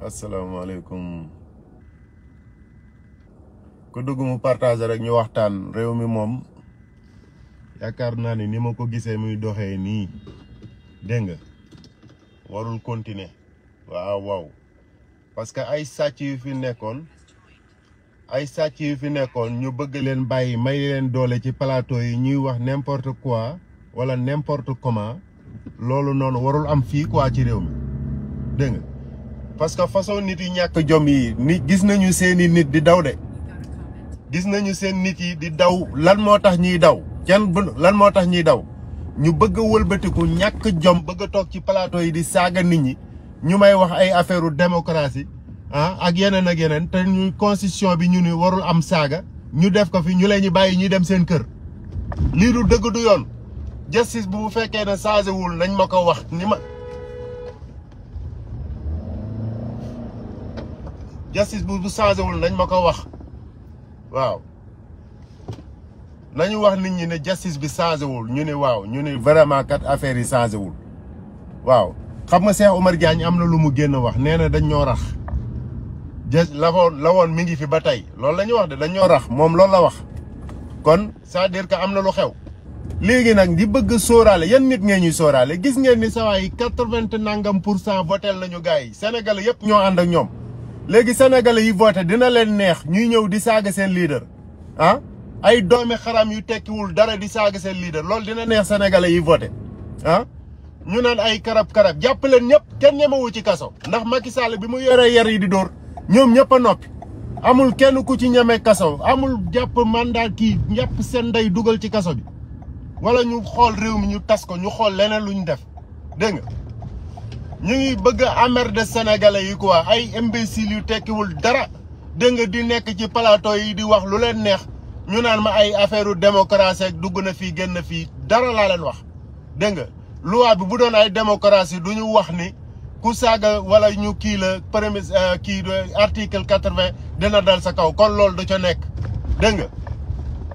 asalaamaaleykum ku dugg mu partager rek ñu waxtaan réew mi moom yaakaar naa ni ni ma ko gisee muy doxee nii dégg nga warul continuer waaw waaw parce que ay sàcc yu fi nekkoon ay sàcc yu fi nekkoon ñu bëgg leen bàyyi may leen doole ci plateau yi ñuy wax n'importe quoi wala n'importe comment loolu noonu warul am fii quoi ci réew mi dégg parce que façon nit yi ñàkk jom yi ni gis nañu seeni nit di daw de gis nañu seen nit yi di daw lan moo tax ñuy daw kenn lan moo tax ñuy daw ñu bëgg wëlbatiku ñàkk jom bëgg a toog ci palaato yi di saaga nit ñi ñu may wax ay affaire u démocratie ah ak yeneen ak yeneen te ñu constitution bi ñu ni warul am saaga ñu def ko fi ñu leen ñu bàyyi ñuy dem seen kër lii du dëgg du yoon justice bu fekkee ne changé nañ ma ko wax ni ma justice bu bu changé wul nañ ma ko wax waaw nañu wax nit ñi ne justice bi changé wul ñu ne waaw ñu ne vraiment kat affaire yi changé wul waaw xam nga Cheikh Omar Diagne am na lu mu génn wax nee na dañ rax jë la woon la woon mi ngi fi ba tey loolu la ñu wax de dañ ñoo rax moom loolu la wax kon c'est-à-dire am na lu xew. léegi nag di bëgg sóoraale yan nit ngeen ñuy sooraale gis ngeen ni saa waay quatre-vingt nangam pour cent votel nañu gars yi Sénégal yëpp ñoo ànd ak ñoom. léegi sénégalais yi voté dina leen neex ñuy ñëw di saaga seen leader ah ay doomi xaram yu tekkiwul dara di saaga seen leader loolu dina neex sénégalais yi voté ah ñu naan ay karab-karab jàpp leen ñëpp kenn ñemewu ci kaso ndax Macky Sall bi mu yoree yar yi di dóor ñoom ñëpp a noppi amul kenn ku ci ñeme kaso amul jàpp mandat kii jàpp seen ndey dugal ci kaso bi wala ñu xool réew mi ñu tas ko ñu xool leneen lu ñu def dégg ñu ngi bëgg a amer de sénégalais yi quoi ay imbéciles yu tekkiwul dara dégg nga di nekk ci palaato yi di wax lu leen neex ñu naan ma ay affaire u démocratie ak dugg na fii génn fii dara laa leen wax dégg nga loi bi bu doon ay démocratie du ñu wax ni ku saaga wala ñu kii la premier euh, kii article quatre-vingt dina dal sa kaw kon loolu du ca nekk dégg nga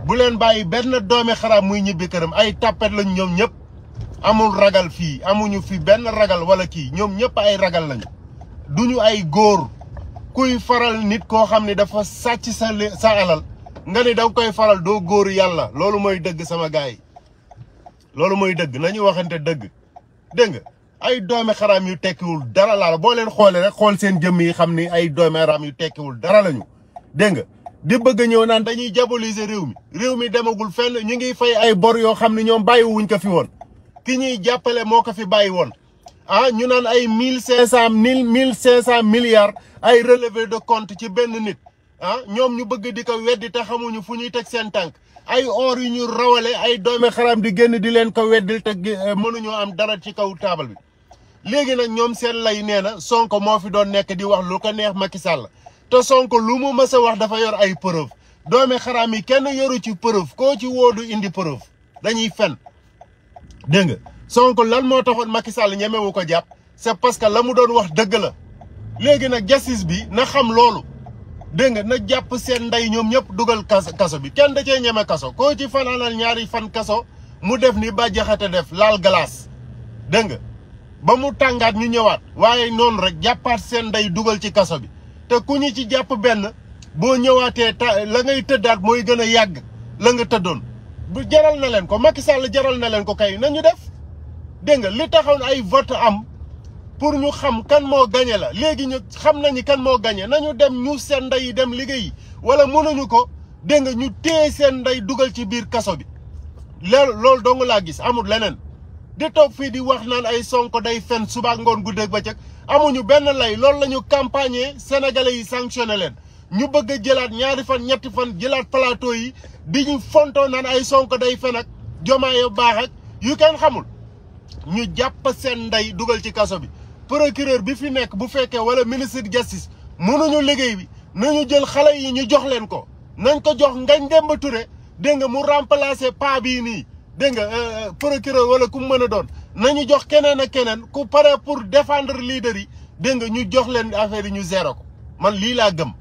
bu leen bàyyi benn doomi xaraam muy ñibbi këram ay tàppet lañ ñoom ñëpp amul ragal fii amuñu fi benn ragal wala kii ñoom ñëpp ay ragal lañu duñu ay góor kuy faral nit koo xam ne dafa sàcc sa sa alal nga ni danga koy faral doo góor yàlla loolu mooy dëgg sama gars yi loolu mooy dëgg nañu waxante dëgg dégg nga ay doomi xaraam yu tekkiwul dara laal boo leen xoolee rek xool seen jëmm yi xam ni ay doomi xaraam yu tekkiwul dara lañu dégg nga di bëgg ñëw naan dañuy diaboliser réew mi réew mi demagul fenn ñu ngiy fay ay bor yoo xam ne ñoom bàyyiwuñ ko fi woon ki ñuy jàppale moo ko fi bàyyi woon ah ñu naan ay mille cinq cent mille mille cinq cent milliards ay relevé de compte ci benn nit ah ñoom ñu bëgg di ko weddi te xamuñu fu ñuy teg seen tànk ay or yu ñu rawale ay doomi xaram di génn di leen ko weddil te eh, mënuñoo am dara ci kaw taabal bi léegi nag ñoom seen lay nee na Sonko moo fi doon nekk di wax lu ko neex ma Macky Sall te Sonko lu mu mës wax dafa yor ay preuve doomi xaraam yi kenn yoru ci preuve koo ci woo du indi preuve dañuy fen dégg nga Sonko lan moo taxoon Macky Sall ñemewu ko jàpp c'est parce que la mu doon wax dëgg la léegi nag justice bi na xam loolu dégg nga na jàpp seen ndey ñoom ñëpp dugal kaso kaso bi kenn da ñeme kaso koo ci fanaanal ñaari fan kaso mu def ni ba jaxate def laal glace dégg nga ba mu tàngaat ñu ñëwaat waaye noonu rek jàppaat seen ndey dugal ci kaso bi te ku ñu ci jàpp benn boo ñëwaatee ta la ngay tëddaat mooy gën a yàgg la nga tëddoon bu jaral na leen ko Macky Sall jaral na leen ko kay nañu def dégg nga li taxaw ay vote am pour ñu xam kan moo gañe la léegi ñu xam nañu kan moo gañe nañu dem ñu seen ndey dem liggéeyi wala mënuñu ko dégg ñu téye seen ndey dugal ci biir kaso bi loolu loolu dong laa gis amul leneen di toog fii di wax naan ay sonko day fen suba ngoon guddeeg bëccëg amuñu benn lay loolu lañu ñu campagner sénégalais yi sanctionné leen ñu bëgg a jëlaat ñaari fan ñetti fan jëlaat plateau yi di ñu fontoo naan ay sonk day fen ak Diomaye yu baax ak yu kenn xamul ñu jàpp seen ndey dugal ci kaso bi procureur bi fi nekk bu fekkee wala ministre de justice mënuñu liggéey bi nañu jël xale yi ñu jox leen ko nañ ko jox Ngagne Demba Touré dégg nga mu remplacer pas bii nii dégg nga euh, euh, procureur wala ku mu mën a doon nañu jox keneen ak keneen ku pare pour défendre lider yi dégg nga ñu jox leen affaire yi ñu zéro ko man lii laa gëm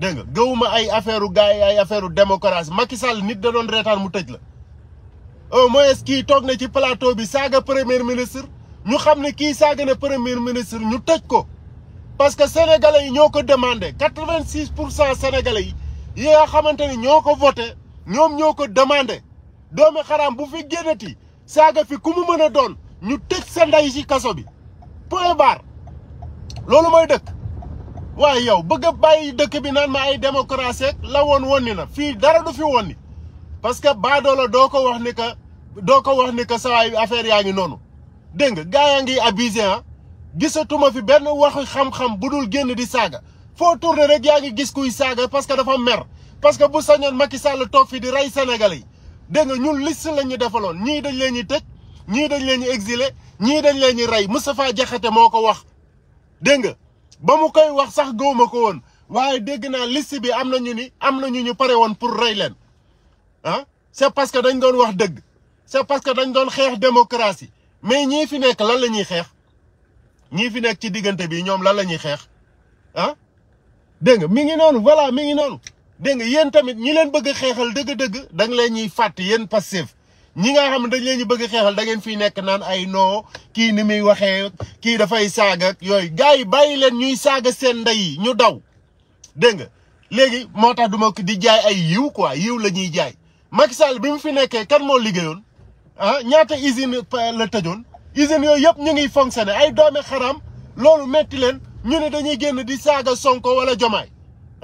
dégg nga gëwuma ay affaire u gars yi ay affaire u démocratie Macky Sall nit da doon reetaan mu tëj la au moins kii toog na ci plateau bi saaga premier ministre ñu xam ne kii saaga na premier ministre ñu tëj ko parce que sénégalais yi ñoo ko demande quatre vingt pour cent sénégalais yi yi nga xamante ne ñoo ko voté ñoom ñoo ko demandé doomi xaraam bu fi génnati saaga fi ku mu mën doon ñu tëj sa ndey ci kaso bi point barre loolu mooy dëkk waaye yow bëgg a bàyyi dëkk bi naan ma ay démocratie la woon wonni na fii dara du fi wonni parce que baadoola doo ko wax ni que doo ko wax ni que saa yu affaire yaa ngi noonu dégg nga gaa yaa ngi abusé ah gisatuma fi benn waxu xam-xam bu dul génn di saaga foo tourné rek yaa ngi gis kuy saaga parce que dafa mer parce que bu sañoon Macky Sall toog fii di rey Sénégalais yi dégg nga ñun liste lañ ñu defaloon ñii dañ leen ñuy tëj ñii dañ leen ñu exilé ñii dañ leen ñu rey Moustapha Diakhaté moo ko wax dégg nga ba mu koy wax sax góoma ko woon waaye dégg naa list bi am nañu ni am na ñu ñu pare woon pour rey leen ah c'est parce que dañ doon wax dëgg c'est parce que dañ doon xeex démocratie mais ñii fi nekk lan la ñuy xeex ñii fi nekk ci diggante bi ñoom lan la ñuy xeex ah dégg mi ngi noonu voilà mi ngi noonu dégg nga yéen tamit ñi leen bëgg a xeexal dëgg-dëgg da nga leen ñuy fàtt yéen passif ñi nga xam ne dañ ñu bëgg xeexal da ngeen fiy nekk naan ay noo kii ni muy waxee kii dafay saaga yooyu gars yi bàyyi leen ñuy saaga seen ndey yi ñu daw dégg nga léegi moo tax du ma di jaay ay yiw kuwaay yiw la ñuy jaay Macky Sall bi mu fi nekkee kan moo liggéeyoon ah ñaata usine la tëjoon usines yooyu yëpp ñu ngi fonctionné ay doome xaram loolu metti leen ñu ne dañuy génn di saaga Sonko wala Jomaay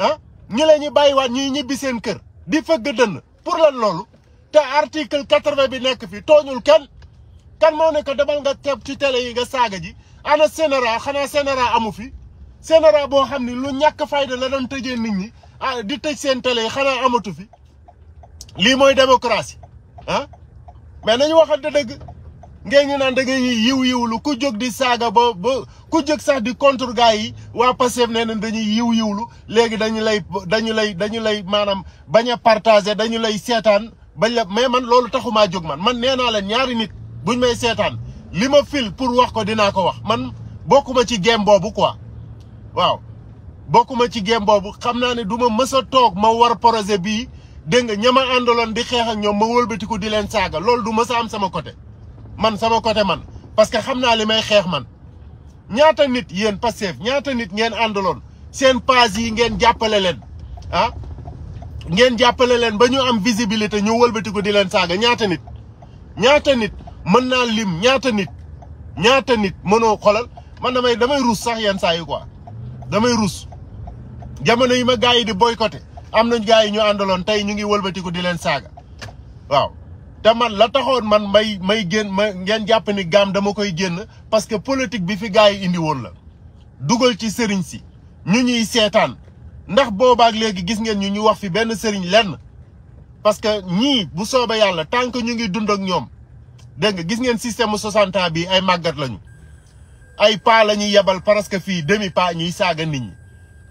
ah ñu leen ñu bàyyiwaat ñuy ñibbi seen kër di fëgg dënn pour lan loolu te article quatre-vingt bi nekk fi tooñul kenn kan moo ne demal nga teeb ci tele yi nga saaga ji ana sénéra xanaa sénéra amu fi sénéra boo xam ni lu ñàkk fayda la doon tëjee nit ñi ah di tëj seen tele yi xanaa amatu fi lii mooy démocratie ah mais nañu waxante dëgg ngeen ñu naan da ngay yiw yiwlu ku jóg di saaga ba ba ku jóg sax di contre gars yi waa Pastef nee nañ dañuy yiw yiwlu léegi dañu lay dañu lay dañu lay maanaam bañ a partager dañu lay seetaan bañ la mais man loolu taxumaa jóg man man nee naa la ñaari nit buñ may seetaan li ma fil pour wax ko dinaa ko wax man bokkuma ci game boobu quoi waaw bokkuma ci game boobu xam naa ne du ma mës a toog ma war projet bii dégg nga ña àndaloon di xeex ak ñoom ma wëlbatiku di leen saaga loolu du mës a am sama côté man sama côté man parce que xam naa li may xeex man ñaata nit yéen Pastef ñaata nit ngeen àndaloon seen page yi ngeen jàppale leen ah ngeen jàppale leen ba ñu am visibilité ñu wëlbatiku di leen saaga ñaata nit ñaata nit mën naa lim ñaata nit ñaata nit mënoo xolal man damay damay ruus sax yenn saa yi quoi damay ruus jamono yi ma gars yi di boycotté am nañ gars yi ñu àndaloon tey ñu ngi wëlbatiku di leen saaga waaw te man la taxoon man may may génn ma ngeen jàpp ni gaam dama koy génn parce que politique bi fi gars yi indi woon la dugal ci sëriñ si ñu ñuy seetaan ndax boobaak léegi gis ngeen ñu ñu wax fi benn sëriñ lenn parce que ñii bu soobee yàlla tant que ñu ngi dund ak ñoom dégg nga gis ngeen système soixante ans bi ay màggat lañu ay pas la ñuy yebal parce que fii demi pas ñuy saaga nit ñi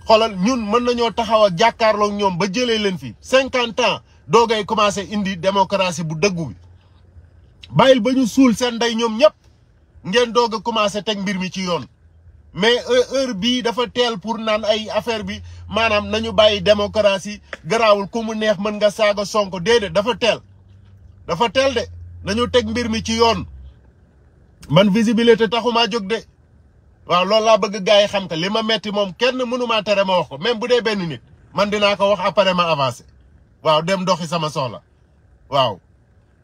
xoolal ñun mën nañoo taxaw ak jàkkaarlook ñoom ba jëlee leen fi cinquante ans doogay commencé indi démocratie bu dëggu bi bàyyil ba ñu suul seen ndey ñoom ñëpp ngeen doog a commencé teg mbir mi ci yoon mais heure bii dafa teel pour naan ay affaire bi maanaam nañu bàyyi démocratie garaawul ku mu neex mën nga saaga Sonko déedéet dafa teel dafa teel de nañu teg mbir mi ci yoon man visibilité taxumaa jóg de waaw loolu laa bëgg gars yi xam te li ma metti moom kenn mënumaa tere ma wax ko même bu dee benn nit man dinaa ko wax après ma avancé waaw dem doxi sama soxla waaw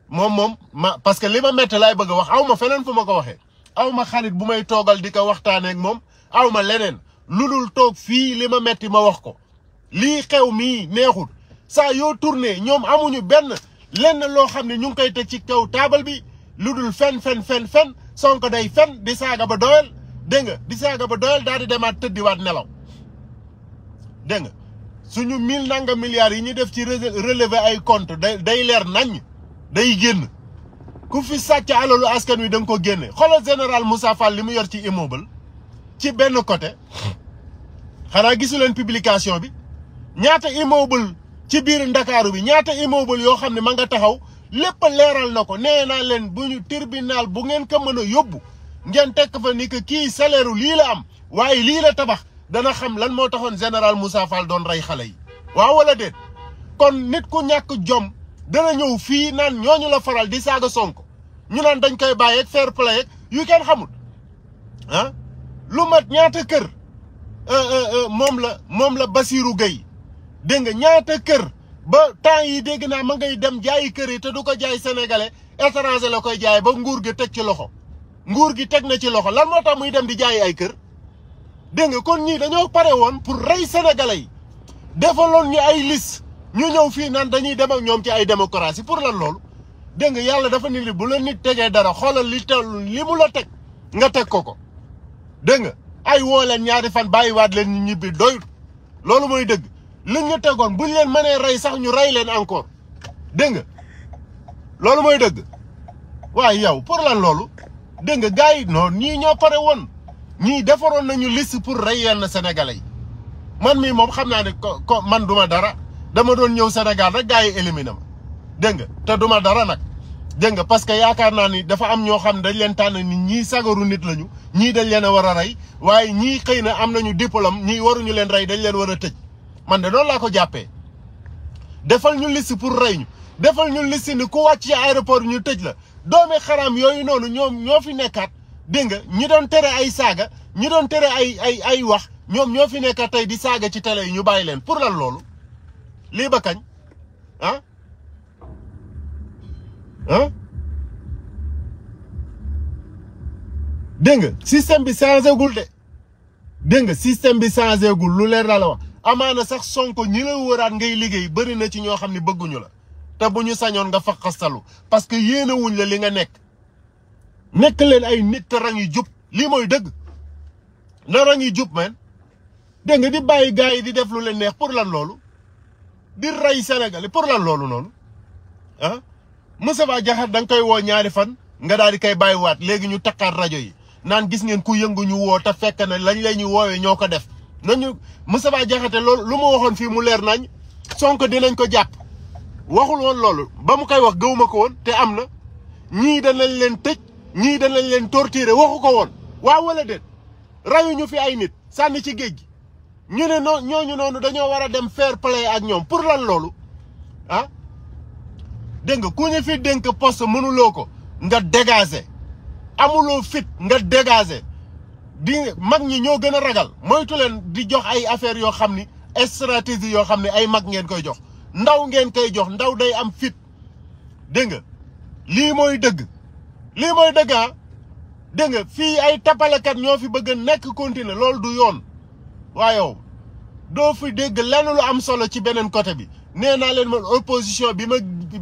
moom moom ma parce que li ma metti laay bëgg wax aw ma feneen fu ma ko waxee aw ma xarit bu may toogal di ko waxtaaneek moom aw ma leneen lu dul toog fii li ma metti ma wax ko lii xew mii neexul saa yoo tourné ñoom amuñu benn lenn loo xam ne ñu ngi koy teg ci kaw taabal bi lu dul fen fen fen fen day fen di saaga ba doyal dégg di saaga ba doyal daal di demaat tëddiwaat nelaw dégg nga suñu miil nanga milliards yi ñu def ci relever ay compte day day leer nañ day génn ku fi sàcc alalu askan wi da nga ko génne xoolal général Moussa li mu yor ci immeuble ci benn côté xanaa gisu leen publication bi ñaata immeuble ci biir ndakaaru bi ñaata immeuble yoo xam ne ma nga taxaw lépp leeral na ko nee naa leen bu ñu tribunal bu ngeen ko mën a yóbbu ngeen tekk fa ni que kii salaire lii la am waaye lii la tabax dana xam lan moo taxoon général Moussa Fall doon rey xale yi waaw wala déet kon nit ku ñàkk jom dana ñëw fii naan ñooñu la faral di saaga sonk ñu naan dañ koy bàyyeeg fair play yu kenn xamul ah lu mat ñaata kër euh, euh, euh, moom la moom la basiiru Gueye dégg nga ñaata kër ba temps yi dégg naa ma ngay dem jaayi kër yi te du ko jaay sénégalais étranger la koy jaay ba nguur gi teg ci loxo nguur gi teg na ci loxo lan moo tax muy dem di jaayi ay kër dégg nga kon ñii dañoo pare woon pour rey sénégalais yi defaloon ñu ay liste ñu ñëw fii naan dañuy dem ak ñoom ci ay démocratie pour lan loolu dégg nga yàlla dafa ni li bu la nit tegee dara xoolal li te li mu la teg nga teg ko ko dégg nga ay woo leen ñaari fan bàyyiwaat leen ñu ñibbi doyut loolu mooy dëgg liñ ñu tegoon buñ leen mënee rey sax ñu rey leen encore dégg nga loolu mooy dëgg waaye yow pour lan loolu dégg nga gars noonu ñii ñoo pare woon ñii defaroon nañu list pour rey yenn sénégalais yi man mii moom xam naa ne ko man duma dara dama doon ñëw Sénégal rek gars yi ma dégg nga te duma dara nag dégg nga parce que yaakaar naa ni dafa am ñoo xam ne dañ leen tànn ni ñii sagaru nit lañu ñii dañ leen a war a rey waaye ñii xëy na am nañu diplôme ñii waruñu leen rey dañ leen war a tëj man de noonu laa ko jàppee defal ñu liste pour rey ñu defal ñu liste ni ku wàcc ci aéroport ñu tëj la doomi xaraam yooyu noonu ñoom ñoo fi nekkaat dégg nga ñi doon tere ay saaga ñi doon tere ay ay ay wax ñoom ñoo fi nekkaat tey di saaga ci télé yi ñu bàyyi leen pour lan loolu lii ba kañ ah ah dégg nga système bi changé gul de dégg nga système bi changé gul lu leer la la wax amaana sax sonko ñi la wëraat ngay liggéey bëri na ci ñoo xam ne bëgguñu la te bu ñu sañoon nga faqastalu parce que yéene wuñ la li nga nekk nekk leen ay nit te rang yi jub lii mooy dëgg na rang yi jub man dégg nga di bàyyi gars yi di def lu leen neex pour lan loolu di rey sénégalais pour lan loolu noonu ah Moustapha Diakhaté da koy woo ñaari fan nga daal di koy bàyyiwaat léegi ñu takkaat rajo yi naan gis ngeen ku yëngu ñu woo te fekk na lañu la ñu woowee ñoo ko def nañu Moustapha Diakhaté loolu lu ma waxoon fii mu leer nañ Sonko dinañ ko jàpp waxuloon loolu ba mu koy wax gëwuma ko woon te am na ñii danañ leen tëj ñii danañ leen torturer waxu ko woon waaw wala déet ñu fi ay nit sànni ci géej gi ñu ne noonu ñooñu noonu dañoo war a dem fair play ak ñoom pour lan loolu ah dégg nga ku ñu fi dénk poste mënuloo ko nga dégager amuloo fit nga dégager di mag ñi ñoo gën a ragal moytu di jox ay affaires yoo xam ni stratégie yoo xam ni ay mag ngeen koy jox ndaw ngeen koy jox ndaw day am fit dégg nga lii mooy dëgg lii mooy dëgg ah dégg nga fii ay tapalekat ñoo fi bëgg a nekk continuer loolu du yoon. waayow doo fi dégg lenn lu am solo ci beneen côté bi nee naa leen man opposition bi ma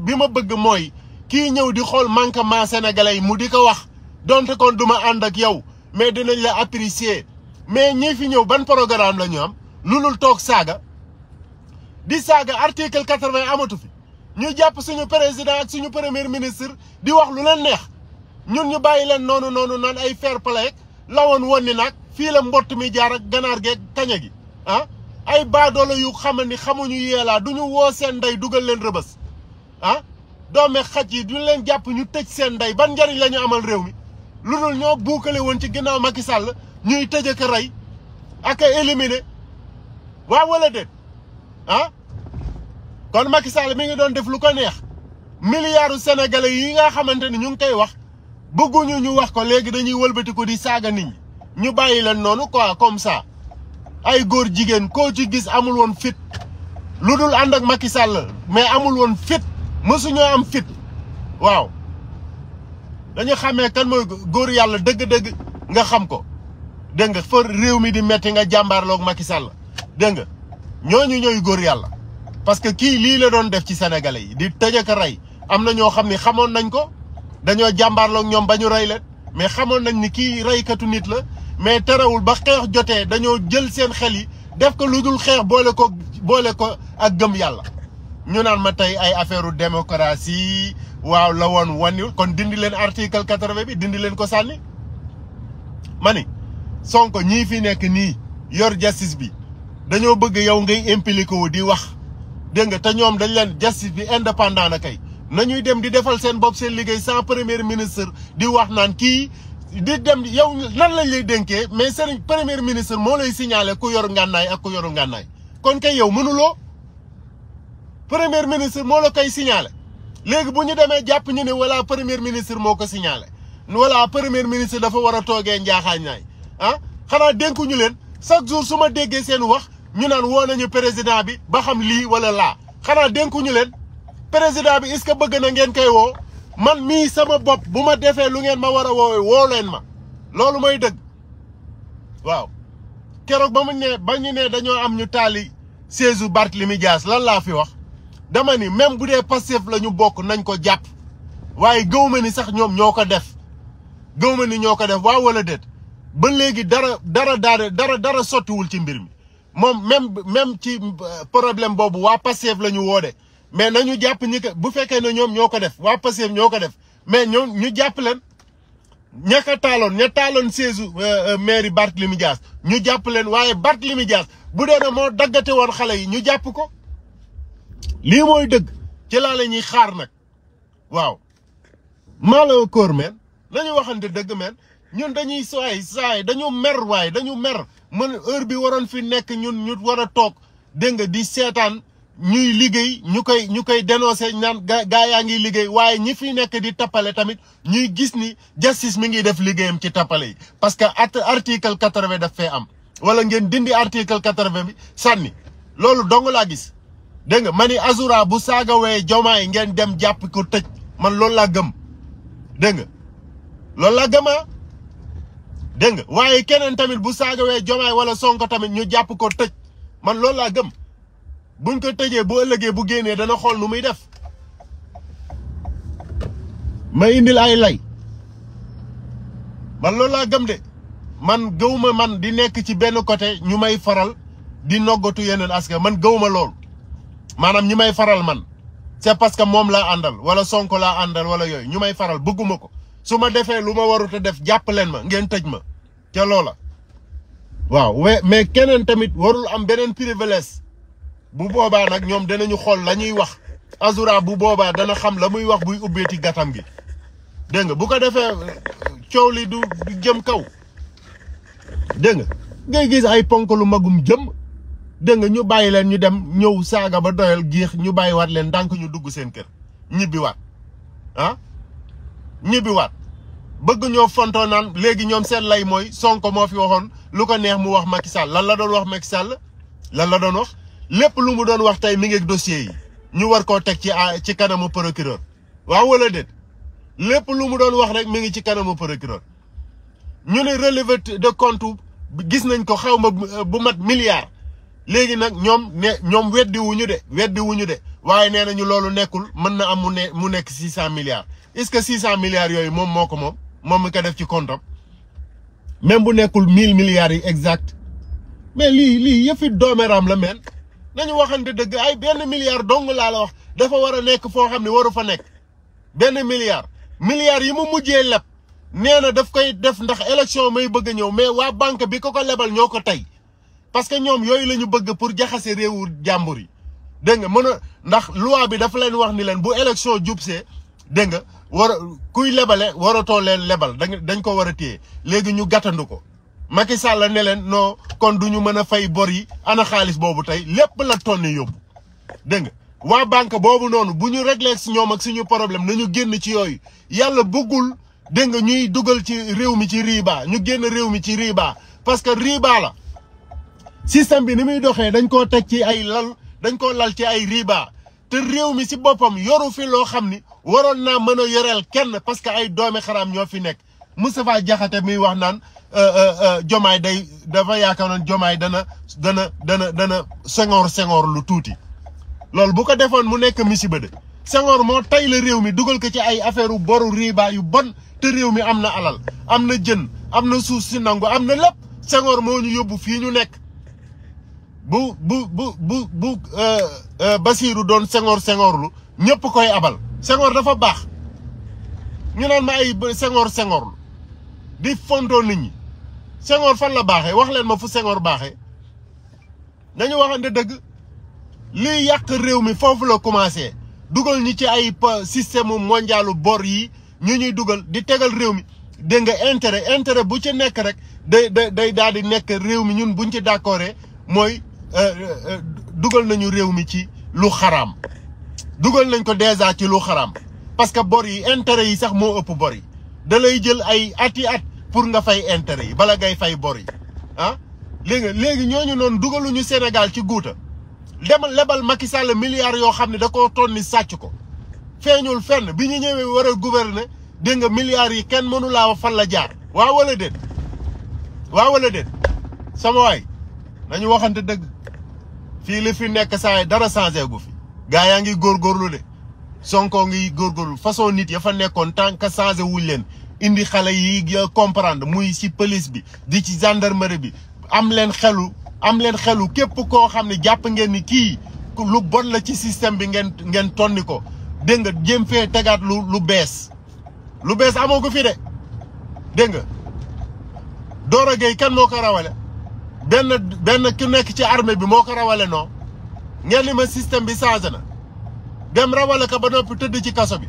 bi ma bëgg mooy kii ñëw di xool manquement sénégalais yi mu di ko wax donte kon duma ànd ak yow mais dinañ la apprécier mais ñi fi ñëw ban programme la am lu lul toog saaga di saaga article quatre-vingt amatu fi ñu jàpp suñu président ak suñu premier ministre di wax lu leen neex ñun ñu bàyyi leen noonu noonu naan ay fair play lawoon woon ni nag fii la mbott mi jaar ak ganaar geeg kaña gi ah, ay baadoolo yu xam ni xamuñu yeelaa duñu woo seen ndey dugal leen rëbës ah doome xaj yi duñu leen jàpp ñu tëj seen ndey ban njariñ la ñu amal réew mi lu dul ñoo buukale woon ci ginnaaw Macky Sall ñuy tëj ak a rey ak a waa wala déet ah kon Macky Sall mi ngi doon def lu ko neex milliardu sénégalais yi nga xamante ni ñu ngi koy wax bëgguñu ñu wax ko léegi dañuy wëlbati ko di saaga nit ñi ñu bàyyi leen nonu quoi comme ça ay gor jigen ko ci gis amul won fit ludul and ak Macky Sall mais amul won fit ñu am fit waaw dañu xamé kan moy gor yalla deug deug nga xam ko deug nga fa rew mi di metti nga lok Macky Sall deug nga ñoñu ñoy gor yalla parce que ki li la doon def ci sénégalais yi di tejje ka ray amna ño xamni xamoon nañ ko dañu jambar lok ñom bañu ray le mais xamoon nañ ni ray katu nit la mais terewul ba xeex jotee dañoo jël seen xel yi def ko lu dul xeex boole ko boole ko ak gëm yàlla ñu naan ma tey ay affaire u démocratie waaw la woon wàññiwul kon dindi leen article quatre-vingt bi dindi leen ko sànni ma ni Sonko ñii fi nekk nii yor justice bi dañoo bëgg yow ngay impliqué wu di wax dégg nga te ñoom dañ leen justice bi indépendant na kay nañuy dem di defal seen bopp seen liggéey sans premier ministre di wax naan kii di dem yow nan lañ lay dénkee mais sëriñ premier ministre moo lay signalé ku yor ngànnaay ak ku yoru ngànnaay kon kay yow mënuloo premier ministre moo la koy signalé léegi bu ñu demee jàpp ñu ne wala premier ministre moo ko signalé wala premier ministre dafa war a toogee njaaxaan naay ah xanaa dénkuñu leen chaque jour su ma déggee seen wax ñu naan woo nañu président bi ba xam lii wala laa xanaa dénkuñu leen président bi est-ce que bëgg na ngeen koy woo man mii sama bopp bu ma defee lu ngeen ma war a woowee woo leen ma loolu mooy dëgg waaw keroog ba mu ne ba ñu nee dañoo am ñu taali seesu Barthélemy Dias lan laa fi wax dama ni même bu dee Pastef la ñu bokk nañ ko jàpp waaye gëw ma ni sax ñoom ñoo ko def gëw ma ni ñoo ko def waaw wala déet ba léegi dara dara daade dara dara sottiwul ci mbir mi moom même même ci euh, problème boobu waa Pastef la ñu woode mais ñu jàpp ñi ko bu fekkee ne ñoom ñoo ko def waa Pastef ñoo ko def mais ñoom ñu jàpp leen ña ko taaloon ña taaloon siège euh, euh, mairie Barthélémy Dias ñu jàpp leen waaye Barthélémy Dias bu dee ne moo daggate woon xale yi ñu jàpp ko lii mooy dëgg ci laa la ñuy xaar nag waaw maalo koor men nañu waxante dëgg men ñun dañuy saay saay dañu mer waaye dañu mer man heure bi waroon fi nekk ñun ñu war a toog dégg nga di seetaan ñuy liggéey ñu koy ñu koy dénoncé ñaan gaa yaa ngi liggéey waaye ñi fi nekk di tappale tamit ñuy gis ni justice mi ngi def liggéeyam ci tappale yi parce que at article quatre-vingt daf fee am wala ngeen dindi article quatre-vingt bi sànni loolu dong laa gis dégg nga ma ni Azoura bu saagawee jomaay ngeen dem jàpp ko tëj man loolu laa gëm dégg nga loolu laa gëm ah dégg nga waaye keneen tamit bu wee jomaay wala sonko tamit ñu jàpp ko tëj man loolu laa gëm buñ ko tëjee bu ëllëgee bu génnee dana xool nu muy def ma indil ay lay man loolu laa gëm de man gëwuma man di nekk ci benn côté ñu may faral di noggatu yeneen askan man gëwuma loolu maanaam ñi may faral man c'est parce que moom laa àndal wala sonk laa àndal wala yooyu ñu may faral bëgguma ko su ma defee lu ma warut def jàpp ma ngeen tëj ma ca loola waaw mais keneen tamit warul am beneen privilège bu boobaa nag ñoom danañu xool la ñuy wax azura bu boobaa dana xam la muy wax buy ubbeeti gàttam gi dégg nga bu ko defee coow li du jëm kaw dégg nga ngay gis ay ponk lu magum jëm dégg nga ñu bàyyi leen ñu dem ñëw saaga ba doyal géex ñu bàyyiwaat leen ndànk ñu dugg seen kër ñibbiwaat ah ñibbiwaat bëgg ñoo fontoo naan léegi ñoom seen lay mooy Sonko moo fi waxoon lu ko neex mu wax Macky Sall lan la doon wax Macky sàll lan la doon wax. lépp lu mu doon wax tey mi ngi dossier yi ñu war koo teg ci ah, ci kanamu procureur waaw wala déet lépp lu mu doon wax rek mi ngi ci kanamu procureur ñu ne relevé de compte gis nañ ko xaw ma euh, bu mat milliard léegi nag ñoom ne ñoom weddi ñu de weddi ñu de waaye nee nañu loolu nekkul mën na am mu ne mu nekk six cent milliards est-ce que six cent milliards yooyu moom moo ko moom moom mi ko def ci compte am même bu nekkul mille milliards yi exact mais lii lii yëfi doomeeraam la mel. nañu waxante dëgg ay benn milliard dong laa la wax dafa war a nekk foo xam ne waru fa nekk benn milliard milliard yi mu mujjee leb nee na daf koy def ndax élection may bëgg a ñëw mais waa banque bi ko ko lebal ñoo ko tey parce que ñoom yooyu la ñu bëgg pour jaxase réewu jàmbur yi dégg nga mën a ndax loi bi dafa leen wax ni leen bu élection jubsee dégg nga war a kuy lebale waratoo leen lebal dañ ko war a téye léegi ñu gàttandu ko Macky Sall ne leen non kon du ñu mën a fay bor yi ana xaalis boobu tey lépp la tonni yóbbu dégg nga waa banque boobu noonu bu ñu réglé si ñoom ak suñu problème nañu génn ci yooyu yàlla bëggul dégg nga ñuy dugal ci réew mi ci riibaa ñu génn réew mi ci riibaa parce que riba la système bi ni muy doxee dañ koo teg ci ay lal dañ koo lal ci ay riba te réew mi si boppam yoru fi loo xam ni waroon naa mën a yoreel kenn parce que ay doomi xaraam ñoo fi nekk Moustapha Diakhaté muy wax naan Jomaay euh, euh, euh, day dafa yaakaaroon Jomaay dana dana dana dana Senghor Senghor lu tuuti loolu bu ko defoon mu nekk musiba de Senghor moo tay la réew mi dugal ko ci ay affaire boru riba yu bon te réew mi am na alal am na jën am na suuf si nangu am na lépp Senghor moo ñu yóbbu fii ñu nekk bu bu bu bu Basiiru doon Senghor Senghor lu ñëpp koy abal Senghor dafa baax ñu naan ma ay Senghor Senghor lu di fontoo nit ñi Senghor fan la baaxee wax leen ma fu sengoor baaxee nañu waxante dëgg li yàq réew mi foofu la commencé dugal ñu ci ay système mondialu bor yi ñu ñuy dugal di tegal réew mi dégg nga intérêt intérêt bu ci nekk rek day day daal di nekk réew mi ñun buñ ci d'accordé mooy euh, euh, dugal nañu réew mi ci lu xaraam dugal nañ ko déjà ci lu xaraam parce que bor yi intérêt yi sax moo ëpp bor yi dalay jël ay at yi at pour nga fay intérêt yi bala ngay fay bor yi ah léegi ñooñu noonu dugaluñu Sénégal ci guuta demal lebal Macky Sall milliards yoo xam ne da koo tonni sàcc ko feeñul fenn bi ñu ñëwee war a gouverner dégg nga milliards yi kenn mënu laa fan la jaar waa wala déet waa wala sama waay nañu waxante dëgg fii li fi nekk saa dara changé gu fi gaa yaa ngi góorlu de Sonko ngi góorgóorlu façon nit ya fa nekkoon tant que changé wuñ leen indi xale yi comprendre muy ci police bi di ci gendarmerie bi am leen xelu am leen xelu képp koo xam ne jàpp ngeen ni kii lu bon la ci système bi ngeen ngeen tonni ko dégg nga jéem fee tegaat lu lu bees lu bees amoo ko fi de dégg nga Doro Gueye kenn moo ko rawale benn benn ku nekk ci armée bi moo ko rawale noo ngeen ni ma système bi changé na dem rawale ko ba noppi tëdd ci kaso bi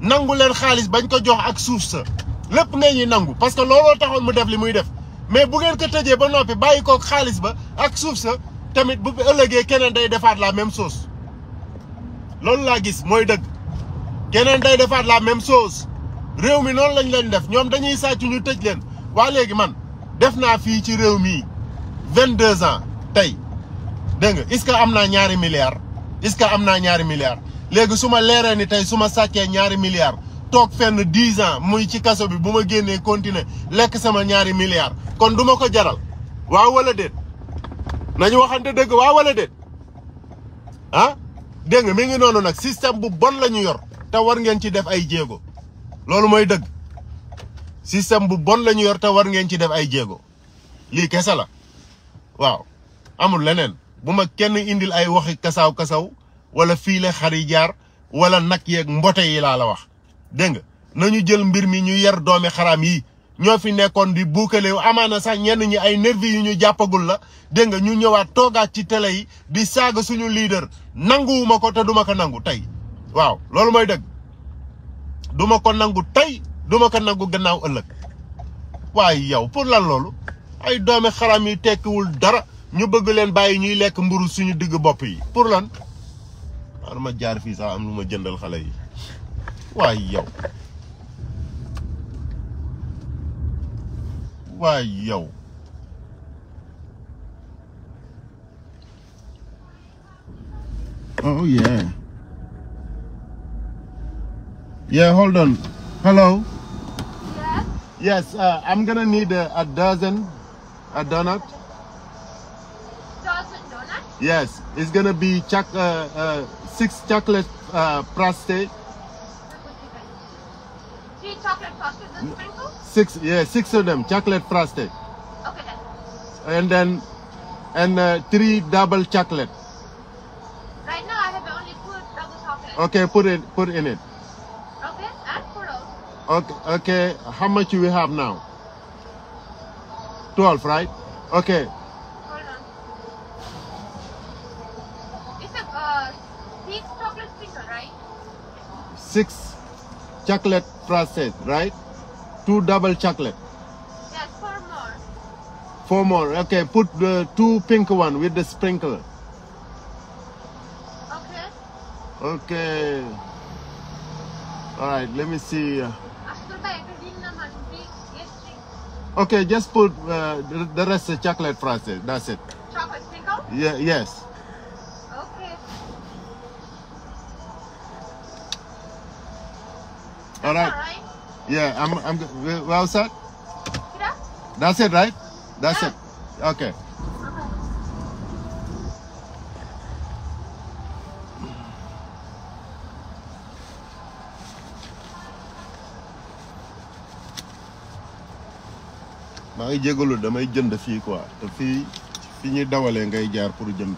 nangu leen xaalis bañ ko jox ak suuf sa lépp ngay ñuy nangu parce que looloo taxoon mu def li muy def mais bu ngeen ko tëjee ba noppi bàyyi kook xaalis ba ak suuf sa tamit bu ëllëgee keneen day defaat la même chose loolu laa gis mooy dëgg keneen day defaat la même chose réew mi noonu lañ leen def ñoom dañuy sàcc ñu tëj leen waa léegi man def naa fii ci réew mii vingt deux ans tey dégg nga est-ce que am naa ñaari milliards est que am naa ñaari milliards léegi suma ma ni tey su ma sàccee ñaari milliards toog fenn dix ans muy ci kaso bi bu ma génnee continuer lekk sama ñaari milliards kon du ma ko jaral waaw wala déet nañu waxante dëgg waaw wala déet ah dégg nga mi ngi noonu nag système bu bon la ñu yor te war ngeen ci def ay jéego loolu mooy dëgg système bu bon lañu yor te war ngeen ci def ay jéego lii kese la waaw amul leneen buma kenn indil ay waxi kasaw kasaw wala fii la xar yi jaar wala nag yéeg mbote yi laa la wax Deng, nañu jël mbir mi ñu yar doomi xaram yi ñoo fi nekkoon di boukelé amana sax ñen ñi ay nervi yu ñu jappagul la deng ñu ñëwaat toga ci télé yi di saga suñu leader nanguwuma ko te duma ko nangu tay waaw loolu moy deug duma ko nangu tay duma ko nangu gannaaw ëlëk way yow pour la loolu ay doomi xaram yi tekkiwul dara ñu bëgg leen bayyi ñuy lek mburu suñu digg bop yi pour lan arma jaar fi sa am luma jëndal xalé yi Why Why Oh yeah. Yeah, hold on. Hello. Yes. Yes, uh, I'm gonna need a, a dozen, a donut. Dozen Yes, it's gonna be uh, uh, six chocolate uh, prostate. Six, yeah, six of them, chocolate frosted. Okay, And then, and uh, three double chocolate. Right now I have only two double chocolate. Okay, put it, put in it. Okay, and photos. Okay, okay, how much do we have now? 12, right? Okay. Hold on. It's a uh, six chocolate sprinkle, right? Six chocolate process, right? Two double chocolate. Yes, four more. Four more. Okay, put the two pink one with the sprinkle. Okay. Okay. All right, let me see. Uh, okay, just put uh, the rest of chocolate process. That's it. Chocolate sprinkle? Yeah, yes. All right. Yeah, I'm, I'm, where was that? That's it, right? That's yeah. it. Okay. maa ngi jégalu damay jënd fii quoi te fii fi ni dawalee ngay jaar pour jënd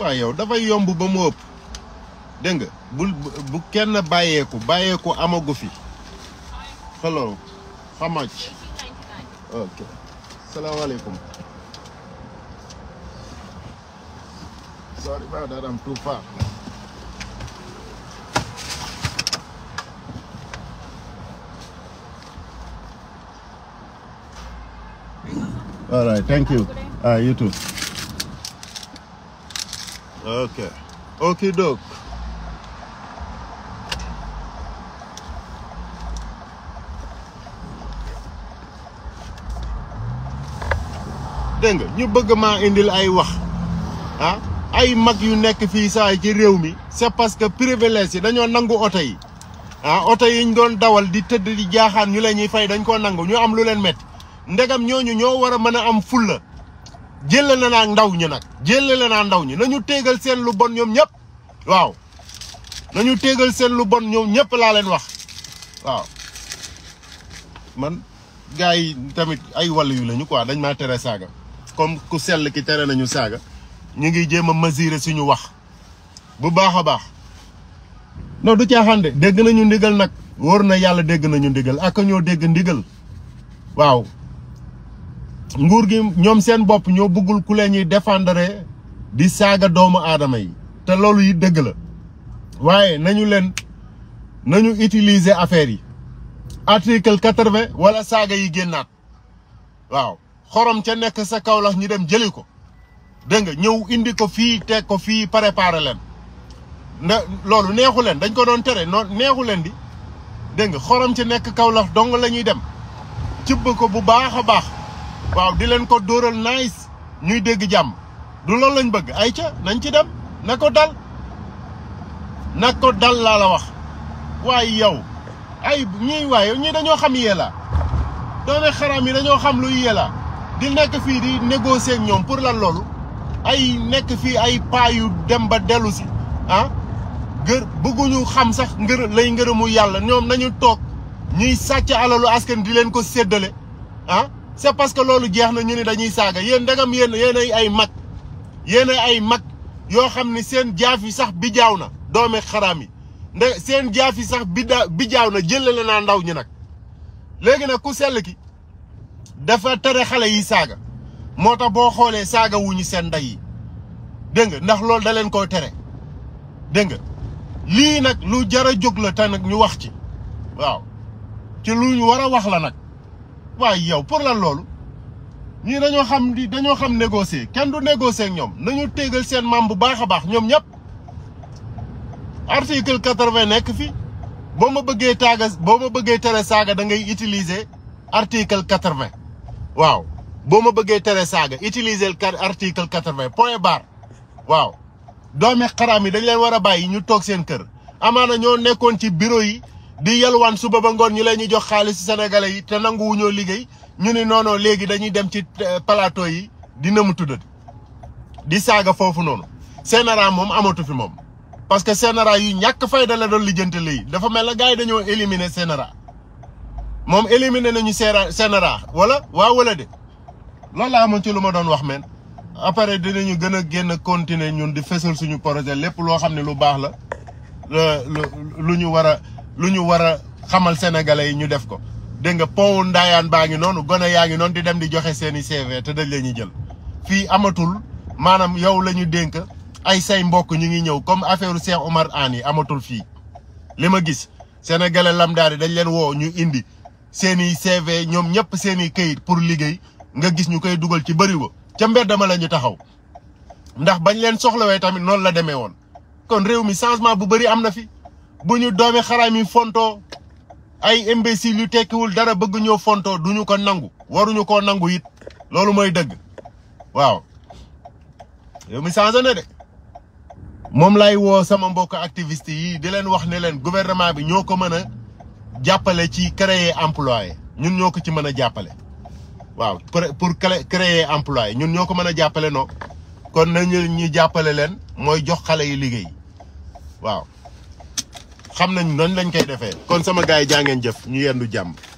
waaw yow dafay yomb ba mo ëpp dégg nga bu bu kenn bàyyeeku bàyyeeku amagu fi hello how much ok alaikum sorry about that I'm too far All right, thank you. Uh, you too. Okay. Okay, doc. dégg nga ñu bëgg maa indil ay wax ah ay mag yu nekk fii saay ci réew mi c'est parce que privilège yi dañoo nangu oto yi ah oto yi ñu doon dawal di tëdd di jaaxaan ñu leen ñuy fay dañ koo nangu ñu am lu leen métti ndegam ñooñu ñoo war a mën a am fulla jëlle la naa ndaw ñi nag jëlle la naa ndaw ñi nañu téegal seen lu bon ñoom ñëpp waaw nañu téegal seen lu bon ñoom ñëpp laa leen wax waaw man gars yi tamit ay wàll yu lañu quoi dañ maa tere saaga comme ku sell ki tere nañu saaga ñu ngi jéem a mesurer suñu wax bu baax a baax non du caaxaan dégg nañu ndigal nag wóor na yàlla dégg nañu ndigal ak ñoo dégg ndigal waaw nguur gi ñoom seen bopp ñoo buggul ku leen ñuy défendre di saaga doomu aadama yi te loolu yi dégg la waaye nañu leen nañu utiliser affaire yi article quatre-vingt wala saaga yi génnaat waaw xorom ca nekk sa kawlax ñu dem jëli ko dégg nga ñëw indi ko fii teg ko fii préparé leen nda loolu neexu leen dañ ko doon tere noon neexu leen di dégg nga xorom ca nekk kawlax dong lañuy dem cibb ko bu baax a baax waaw di leen ko dóoral nice ñuy dégg jàmm du loolu lañ bëgg ay ca nañ ci dem na ko dal na ko dal laa la wax waaye yow ay ñuy waaye ñii dañoo xam yee la doone xaram yi dañoo xam luy yee la di nekk fii di néegoo ak ñoom pour lan loolu ay nekk fii ay pas yu dem ba dellu si ah gër bëgguñu xam sax ngër lay ngërëmu yàlla ñoom nañu toog ñuy sàcc alalu askan di leen ko séddale ah c'est parce que loolu jeex na ñu ni dañuy saaga yéen ndegam yéen yéen ay mag yéen ay mag yoo xam ni seen jaaf yi sax bi jaaw na doome xaraam yi nde seen jaaf yi sax bi bi jaaw na jëlle na naa ndaw ñi nag léegi nag ku sell ki dafa tere xale yi saaga moo tax boo xoolee saaga wuñu seen ndey yi dégg nga ndax loolu da leen koo tere dégg nga lii nag lu jar a jóg la te nag ñu wax ci waaw ci lu ñu war a wax la nag waaye yow pour lan loolu ñii dañoo xam di dañoo xam négocier kenn du négocier ak ñoom nañu tégal seen maam bu baax a baax ñoom ñëpp article quatre-vingt nekk fi boo ma bëggee taaga boo ma bëggee tere saaga dangay ngay utiliser article quatre-vingt waaw boo ma bëggee tere saaga utiliser article quatre-vingt point barre waaw doomi xaraam yi dañ leen war a bàyyi ñu toog seen kër amaana ñoo nekkoon ci bureau yi di yalwaan suba ba ngoon ñu leen ñu jox xaalis si sénégalais yi te nanguwu ñoo liggéey ñu ni noonoo léegi dañuy dem ci eh, plateau yi dina mu tuddati di saaga foofu noonu CNRA moom amatu fi moom parce que CNRA yu ñàkk fayda la doon lijjanti lii dafa mel na gars yi dañoo éliminer CNRA moom éliminé nañu seera CNRA wala waaw wala de loolu laa amoon ci lu ma doon wax men après dinañu gën a génn continuer ñun di fësal suñu projet lépp loo xam ne lu baax la lu ñu war a lu ñu war a xamal sénégalais yi ñu def ko dégg nga powu ndaayaan baa ngi noonu gone yaa ngi noonu di dem di joxe seeni CV te dañ la ñuy jël fii amatul maanaam yow lañu dénk ay say mbokk ñu ngi ñëw comme affaire Cheikh Omar Anne yi amatul fii li ma gis sénégalais lambda yi dañ leen woo ñu indi seeni CV ñoom ñëpp seeni kayit pour liggéey nga gis ñu koy dugal ci bërigo ca mbeddama la ñu taxaw ndax bañ leen soxlawee tamit noonu la demee woon kon réew mi changement bu bari am na fi bu ñu doomi xaraam mi fontoo ay imbéciles yu tekkiwul dara bëgguñoo ñoo fontoo duñu ko nangu waruñu koo nangu it loolu mooy dëgg waaw réew mi changé na de moom lay woo sama mbokk activiste yi di leen wax ne leen gouvernement bi ñoo ko mën a jàppale ci créer emploie ñun ñoo ko ci mën a jàppale waaw pour créer employé ñun ñoo ko mën a jàppale non kon nañu ñu jàppale leen mooy jox xale yi liggéey waaw xam nañu noonu lañ koy defee kon sama gars yi jaa ngeen jëf ñu yendu jàmm